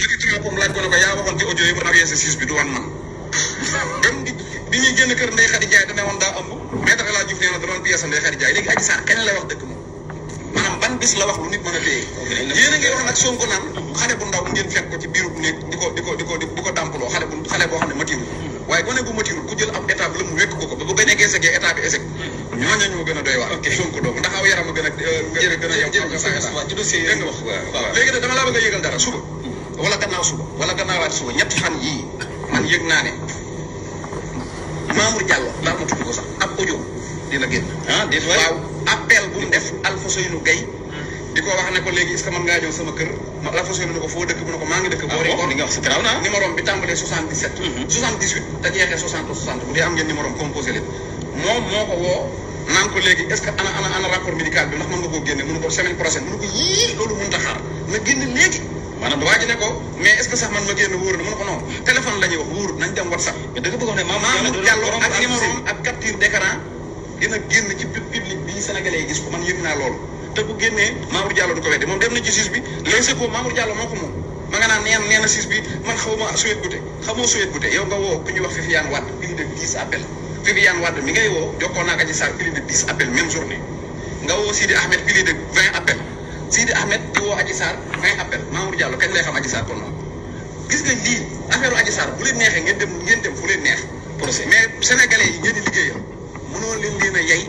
yëkkati drapeau am laaj ko ne ko yaa waxoon ci audio yi ba nawee sa siis bi du wan man même bi ñuy génn kër Ndeye Khady Ndiaye da ne woon daa ëmb maître El Hadj Diouf nee na da doon pièce Ndeye Khady Ndiaye léegi Adji Sarr kañ la wax dëgg moom maanaam ban bis la wax lu nit mën a téye yéen a ngi wax nag Sonko naan xale bu ndaw ngeen fekk ko ci biiru néeg di ko di ko di ko di ko bu xale boo xam matiru waaye gone bu matiru ku jël ab état bi la mu wékk ko ko ba bu gënee geesegee état bi échec ñoo gën a doy waar Sonko doomu ndax aw yaram a gën yow ci dossier yi wax léegi nag dama laa bëgg yëgal dara suba wala gannaaw suba wala gannaawaati suba ñetti fan yii man yëg naa ne Mamour Diallo ndax mu tudd ko sax ab audio dina génn. ah dina waaw appel bu mu def Alpha Seynou Gueye. di ko wax ne ko léegi est ce que mën ngaa ñëw sama kër ma Alpha mu ne ah, mhm. am ngeen numéro am moom moo ko woo. naan ko léegi est que ana ana ana rapport médical bi ndax mën nga koo génne mënu ko semaine prochaine mënu ko yii loolu mënut a xaar na léegi. maanaam waa ji ne ko mais est-ce que sax man ma génn wóor na mu ne ko non téléphone la ñuy wax wóorut nañ dem WhatsApp. mais da nga bëggoon ak numéro ak capture d'écran dina génn ci public bi Sénégalais gis ko man yëg naa loolu. te bu génnee Mamour Diallo du ko wedde moom dem na ci juge bi les secours Mamour Diallo moo ko moom ma nga naan neen nee bi man xaw ma suyet gute xamoo suyet gute yow nga woo ku ñuy wax Viviane Wade plus de dix appels Viviane Wade sii Ahmed di woo Adji Sarr ay appel Mamour Diallo kañ lay xam Adji Sarr kon moom gis nga lii ngeen dem ngeen dem fu leen neex procès mais sénégalais yi ngeen di liggéeyal leen leen a yey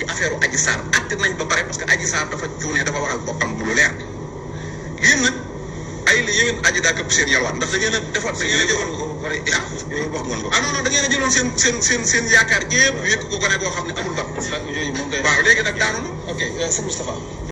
ci affaire Adji Sarr nañ ba pare parce que Adji Sarr dafa cuune dafa da ngeen a defaat da a jëloon ah? ah non non da ngeen a seen seen seen seen yaakaar yëpp ne amul dam waaw léegi nag daanu na ok euh, sëñ Moustapha